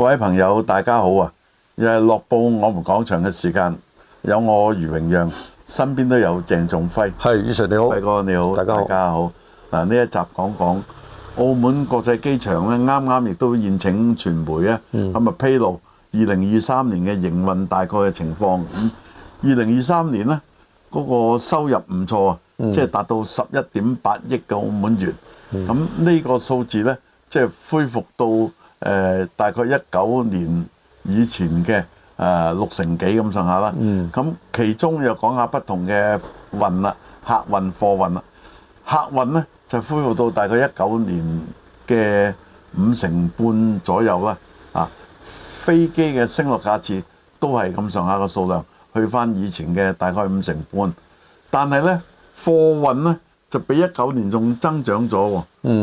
各位朋友大家好，又係樂報我們講場嘅時間，有我余榮讓，身邊都有鄭仲輝。係，余 Sir 你好，大哥你好，大家好。大家好，呢一集講講澳門國際機場啱啱亦都宴請傳媒，噉披露2023年嘅營運大概嘅情況2023 11誒大概一九年以前嘅誒六成幾咁上下啦，咁、嗯、其中又講下不同嘅運啦，客運、貨運啦。客運呢就恢復到大概一九年嘅五成半左右啦。啊，飛機嘅升落架次都係咁上下個數量，去翻以前嘅大概五成半。但係呢貨運呢就比一九年仲增長咗喎。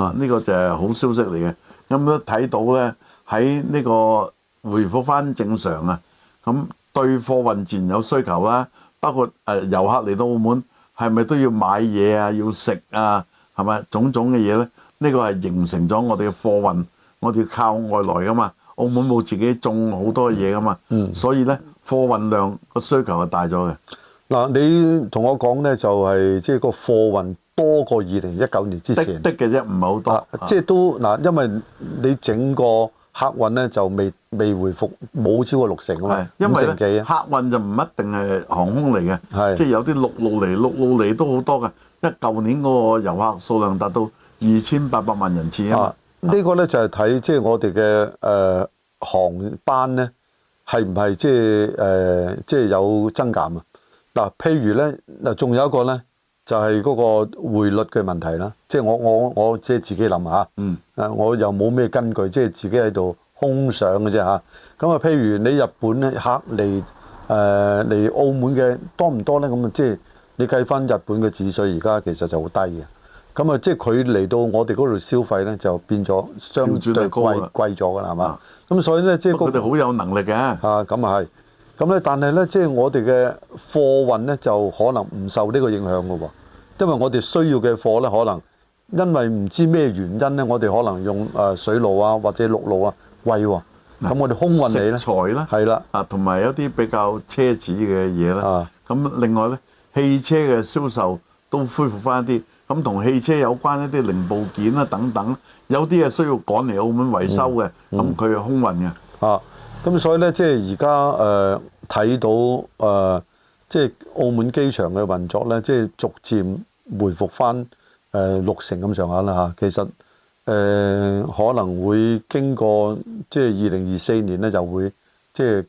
啊，呢、嗯、個就係好消息嚟嘅。有冇都睇到咧，喺呢個回復返正常啊！咁對貨運自然有需求啦。包括誒、呃，遊客嚟到澳門係咪都要買嘢啊？要食啊？係咪種種嘅嘢咧？呢個係形成咗我哋嘅貨運，我哋靠外來噶嘛。澳門冇自己種好多嘢噶嘛，嗯、所以咧貨運量個需求係大咗嘅。嗱，你同我講咧就係即係個貨運，多過二零一九年之前低低的嘅啫，唔係好多。即係、啊、都嗱，因為你整個客運咧就未未回復，冇超過六成啊嘛。因為、啊、客運就唔一定係航空嚟嘅，即係是有啲陸路嚟，陸路嚟都好多嘅。因為舊年嗰個遊客數量達到二千八百萬人次啊嘛。啊啊個呢個咧就係睇即係我哋嘅誒航班咧，係唔係即係誒即係有增減啊？嗱、啊，譬如咧嗱，仲有一個咧。呢就係嗰個匯率嘅問題啦，即係我我我即係自己諗嚇，誒、嗯、我又冇咩根據，即係自己喺度空想嘅啫嚇。咁啊，譬如你日本咧客嚟誒嚟澳門嘅多唔多咧？咁啊，即係你計翻日本嘅紙稅，而家其實就好低嘅。咁啊，即係佢嚟到我哋嗰度消費咧，就變咗相對貴、嗯、貴咗㗎啦，係嘛、嗯？咁所以咧，即係佢哋好有能力嘅嚇、啊，咁啊係。咁咧，但係咧，即、就、係、是、我哋嘅貨運咧，就可能唔受呢個影響嘅喎。因為我哋需要嘅貨咧，可能因為唔知咩原因咧，我哋可能用誒水路啊，或者陸路啊貴喎。咁、啊、我哋空運你咧，食材啦，係啦的，啊，同埋一啲比較奢侈嘅嘢咧。咁另外咧，汽車嘅銷售都恢復翻一啲。咁同汽車有關一啲零部件啊等等，有啲係需要趕嚟澳門維修嘅，咁佢係空運嘅。啊。咁所以咧，即係而家誒睇到誒、呃，即係澳門機場嘅運作咧，即係逐漸回復翻誒、呃、六成咁上下啦嚇。其實誒、呃、可能會經過即係二零二四年咧，就會即係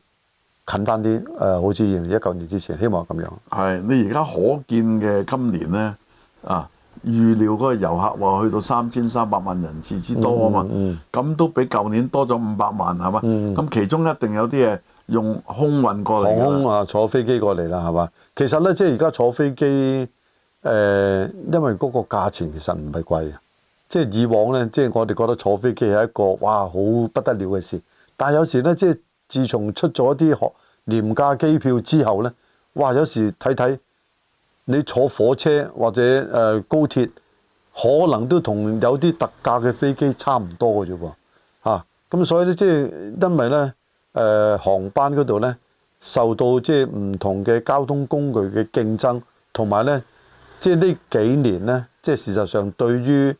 近翻啲誒，好似二零一九年之前，希望咁樣。係你而家可見嘅今年咧啊！預料嗰個遊客話去到三千三百萬人次之多啊嘛，咁、嗯嗯、都比舊年多咗五百萬係嘛，咁、嗯、其中一定有啲嘢用空運過嚟空啦，坐飛機過嚟啦係嘛，其實咧即係而家坐飛機，誒、呃，因為嗰個價錢其實唔係貴嘅，即、就、係、是、以往咧，即、就、係、是、我哋覺得坐飛機係一個哇好不得了嘅事，但係有時咧即係自從出咗啲廉價機票之後咧，哇有時睇睇。你坐火車或者誒高鐵，可能都同有啲特價嘅飛機差唔多嘅啫噃，嚇！咁所以咧，即係因為咧，誒航班嗰度咧，受到即係唔同嘅交通工具嘅競爭，同埋咧，即係呢幾年咧，即係事實上對於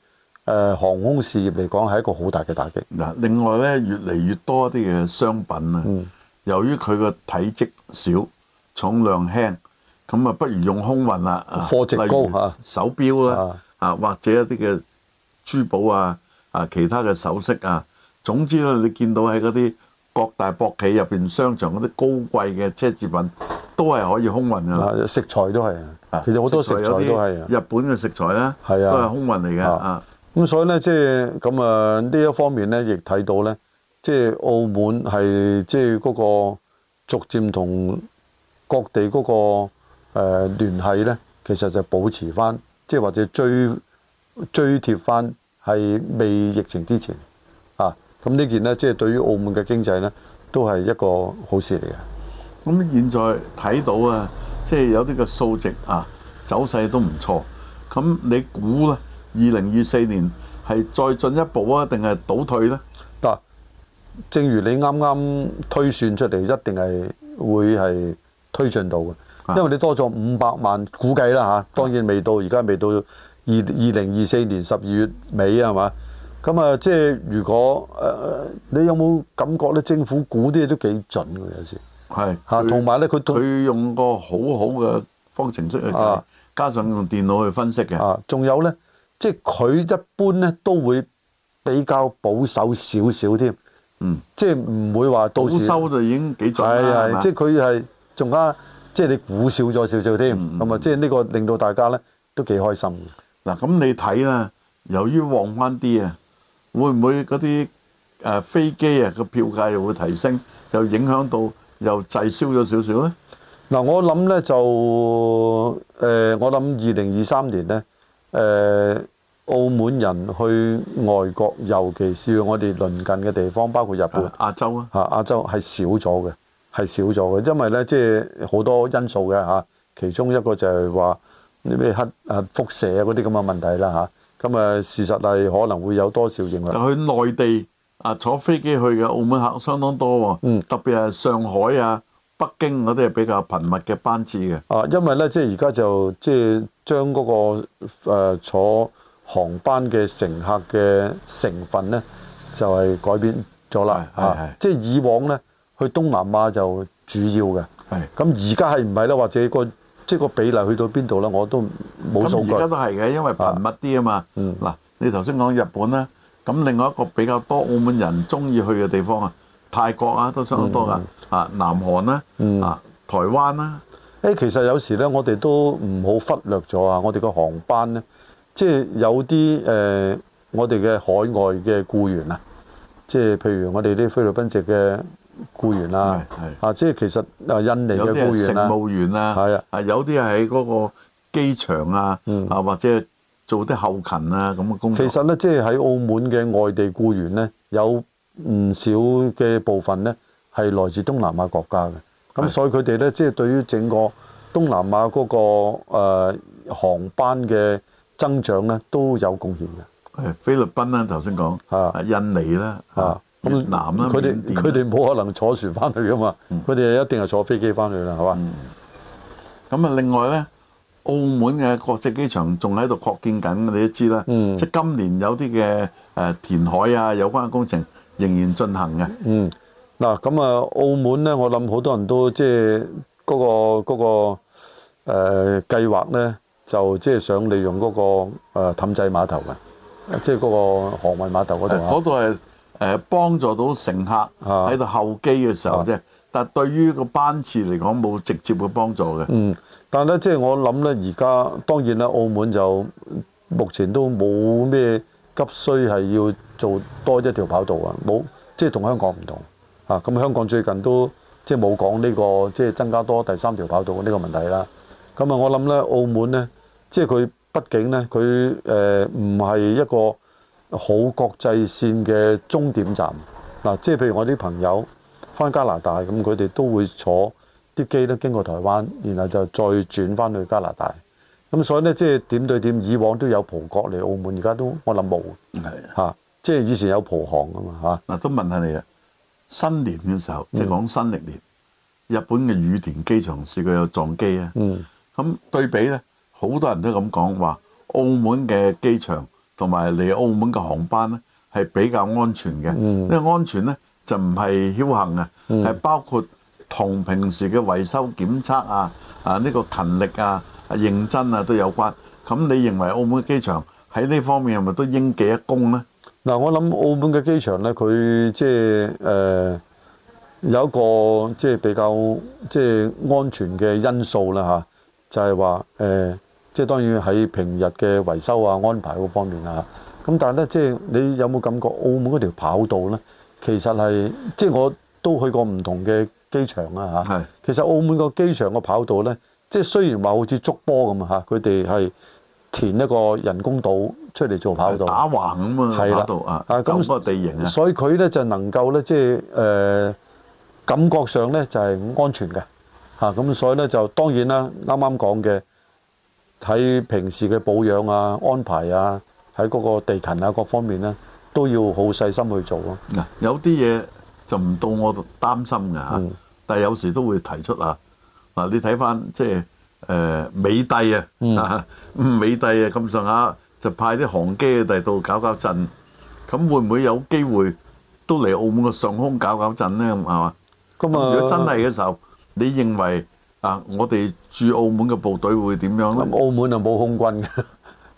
誒航空事業嚟講係一個好大嘅打擊。嗱，另外咧，越嚟越多啲嘅商品啊，嗯、由於佢個體積小、重量輕。咁啊，不如用空運啦，貨值高，例如手錶啦，啊或者一啲嘅珠寶啊，啊其他嘅首飾啊，總之咧，你見到喺嗰啲各大博企入邊商場嗰啲高貴嘅奢侈品，都係可以空運噶。啊，食材都係，其實好多食材都係啊，日本嘅食材咧，啊、都係空運嚟嘅。啊，咁、啊、所以咧，即係咁啊，呢、呃、一方面咧，亦睇到咧，即係澳門係即係嗰個逐漸同各地嗰個。誒、呃、聯繫咧，其實就保持返，即係或者追追貼返，係未疫情之前啊。咁呢件咧，即係對於澳門嘅經濟咧，都係一個好事嚟嘅。咁現在睇到、就是、啊，即係有啲嘅數值啊走勢都唔錯。咁你估咧，二零二四年係再進一步啊，定係倒退咧？嗱，正如你啱啱推算出嚟，一定係會係。推進到嘅，因為你多咗五百萬估計啦嚇、啊，當然未到，而家未到二二零二四年十二月尾啊嘛。咁啊，即係如果誒、呃，你有冇感覺咧？政府估啲嘢都幾準嘅，有時係嚇，呢同埋咧，佢佢用個好好嘅方程式去計，加上用電腦去分析嘅。啊，仲有咧，即係佢一般咧都會比較保守少少添。嗯，即係唔會話到時保守就已經幾準啦。係、嗯、即係佢係。仲加即係你估少咗少少添，咁啊，即係呢、嗯嗯、個令到大家咧都幾開心嗱，咁、嗯、你睇咧，由於旺翻啲啊，會唔會嗰啲誒飛機啊個票價又會提升，又影響到又滯銷咗少少咧？嗱、嗯，我諗咧就誒、呃，我諗二零二三年咧誒、呃，澳門人去外國，尤其是我哋鄰近嘅地方，包括日本、亞洲啊，亞洲係、啊啊、少咗嘅。係少咗嘅，因為咧，即係好多因素嘅嚇。其中一個就係話，呢啲核啊輻射啊嗰啲咁嘅問題啦嚇。咁啊，啊，事實係可能會有多少影響？去內地啊，坐飛機去嘅澳門客相當多喎、啊。嗯。特別係上海啊、北京嗰啲係比較頻密嘅班次嘅。啊，因為咧，即係而家就即係將嗰個、啊、坐航班嘅乘客嘅成分咧，就係改變咗啦嚇。即係以往咧。去東南亞就主要嘅，咁而家係唔係咧？或者、那個即係、就是、個比例去到邊度咧？我都冇數據。咁而家都係嘅，因為頻密啲啊嘛。嗱、嗯，你頭先講日本啦，咁另外一個比較多澳門人中意去嘅地方啊，泰國啊都相當多㗎。嗯、啊，南韓啦，啊，台灣啦。誒，其實有時咧，我哋都唔好忽略咗啊！我哋個航班咧，即係有啲誒，我哋嘅海外嘅僱員啊，即、就、係、是、譬如我哋啲菲律賓籍嘅。僱員啦，係啊，即係係、啊、其實啊，印尼嘅有啲乘務員啦，係啊，係、啊、有啲喺嗰個機場啊，嗯、啊或者做啲後勤啊咁嘅工作。其實咧，即係喺澳門嘅外地僱員咧，有唔少嘅部分咧係來自東南亞國家嘅，咁所以佢哋咧即係對於整個東南亞嗰、嗰個誒、呃、航班嘅增長咧都有貢獻嘅。誒、啊，菲律賓咧頭先講，啊，印尼咧，啊。咁佢哋佢哋冇可能坐船翻去噶嘛？佢哋、嗯、一定係坐飛機翻去啦，係嘛、嗯？咁啊，嗯、另外咧，澳門嘅國際機場仲喺度擴建緊，你都知啦。嗯、即係今年有啲嘅誒填海啊，有關工程仍然進行嘅。嗱、嗯，咁啊，澳門咧，我諗好多人都即係嗰個嗰個誒、呃、計劃咧，就即係想利用嗰個氹仔、呃、碼頭嘅，即係嗰個航運碼頭嗰度啊。度係。誒幫助到乘客喺度候機嘅時候啫，啊、但係對於個班次嚟講冇直接嘅幫助嘅。嗯，但係咧，即係我諗咧，而家當然啦，澳門就目前都冇咩急需係要做多一條跑道，即係、啊，冇即係同香港唔同嚇。咁香港最近都即係冇講呢個即係、即係、增加多第三條跑道呢個問題啦。咁啊，我諗咧，澳門咧，即係佢畢竟咧，佢誒唔係一個。好國際線嘅終點站嗱、啊，即係譬如我啲朋友翻加拿大咁，佢哋都會坐啲機咧，經過台灣，然後就再轉翻去加拿大。咁所以咧，即係點對點，以往都有葡國嚟澳門，而家都我諗冇嚇。即係以前有葡航啊嘛嚇。嗱，都問下你啊，新年嘅時候即係講新歷年，嗯、日本嘅羽田機場試過有撞機啊。咁、嗯、對比咧，好多人都咁講話，澳門嘅機場。同埋嚟澳門嘅航班咧，係比較安全嘅。因為安全咧就唔係僥倖啊，係包括同平時嘅維修檢測啊、啊呢個勤力啊、認真啊都有關。咁你認為澳門嘅機場喺呢方面係咪都應記一功咧？嗱，我諗澳門嘅機場咧，佢即係誒有一個即係比較即係安全嘅因素啦嚇，就係話誒。即係當然喺平日嘅維修啊安排嗰方面啊，咁但係咧，即係你有冇感覺澳門嗰條跑道咧，其實係即係我都去過唔同嘅機場啊，嚇、啊，是其實澳門個機場個跑道咧，即係雖然話好似捉波咁啊，佢哋係填一個人工島出嚟做跑道，打橫咁啊，的跑道啊，走嗰個地形啊，所以佢咧就能夠咧，即係誒、呃、感覺上咧就係、是、安全嘅嚇，咁、啊、所以咧就當然啦，啱啱講嘅。睇平時嘅保養啊、安排啊，喺嗰個地勤啊各方面咧，都要好細心去做咯。嗱，有啲嘢就唔到我擔心㗎，但係有時都會提出啊。嗱，你睇翻即係誒美帝啊，美帝啊咁上下就派啲航機啊嚟到搞搞震，咁會唔會有機會都嚟澳門個上空搞搞震咧？係嘛？如果真係嘅時候，你認為？啊！我哋駐澳門嘅部隊會點樣咧？澳門就冇空軍嘅，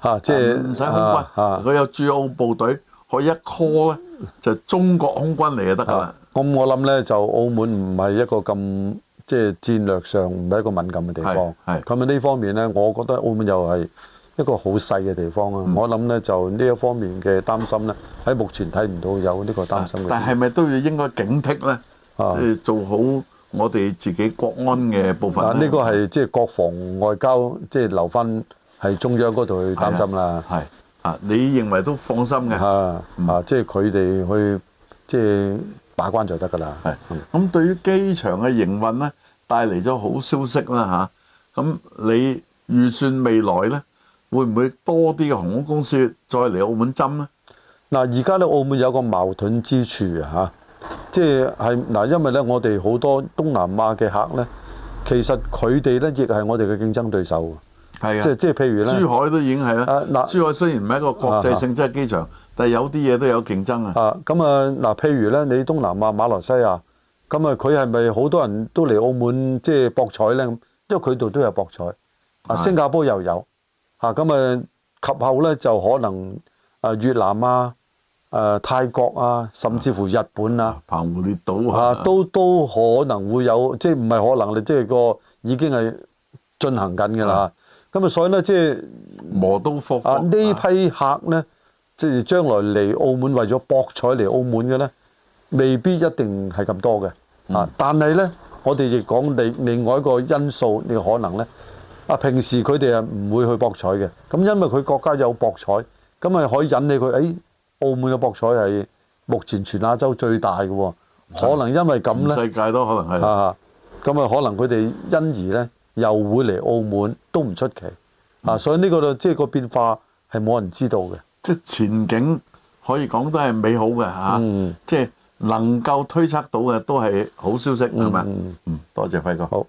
嚇，即係唔使空軍。佢有駐澳部隊，可以一 call 咧，就中國空軍嚟就得噶啦。咁我諗咧，就澳門唔係一個咁即係戰略上唔係一個敏感嘅地方。係，咁啊呢方面咧，我覺得澳門又係一個好細嘅地方啊。我諗咧，就呢一方面嘅擔心咧，喺目前睇唔到有呢個擔心嘅。但係咪都要應該警惕咧？啊，即係做好。我哋自己國安嘅部分，啊，呢個係即係國防外交，即係留翻係中央嗰度去擔心啦。係啊，啊，你認為都放心嘅。啊啊，即係佢哋去即係把關就得噶啦。係咁、啊，對於機場嘅營運咧，帶嚟咗好消息啦嚇。咁、啊、你預算未來咧，會唔會多啲嘅航空公司再嚟澳門針咧？嗱、啊，而家咧澳門有個矛盾之處啊嚇即係係嗱，因為咧，我哋好多東南亞嘅客咧，其實佢哋咧亦係我哋嘅競爭對手。係啊的，即係即係，譬如咧，珠海都已經係啦。啊，嗱，珠海雖然唔係一個國際性質嘅機場，啊、但係有啲嘢都有競爭啊。啊，咁啊，嗱，譬如咧，你東南亞馬來西亞，咁啊，佢係咪好多人都嚟澳門即係、就是、博彩咧？咁，因為佢度都有博彩，啊的，新加坡又有，嚇、啊，咁啊，及後咧就可能啊，越南啊。誒泰國啊，甚至乎日本啊，澎湖列島啊，都都可能會有，即係唔係可能？我哋即係個已經係進行緊㗎啦。咁啊，所以咧，即係磨刀霍霍啊，呢批客咧，即係將來嚟澳門為咗博彩嚟澳門嘅咧，未必一定係咁多嘅啊。但係咧，我哋亦講另另外一個因素，你可能咧，啊平時佢哋係唔會去博彩嘅，咁因為佢國家有博彩，咁咪可以引你佢誒。澳門嘅博彩係目前全亞洲最大嘅、哦，的可能因為咁咧，世界都可能係啊，咁啊可能佢哋因而咧又會嚟澳門都唔出奇啊，所以呢、呢個即係、即係、個變化係冇人知道嘅，即係、嗯、前景可以講都係美好嘅嚇、啊，即係、嗯、能夠推測到嘅都係好消息係咪？嗯，嗯，多謝輝哥。好。